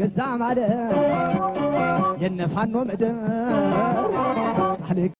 قدام عليه ينفعنو ومدام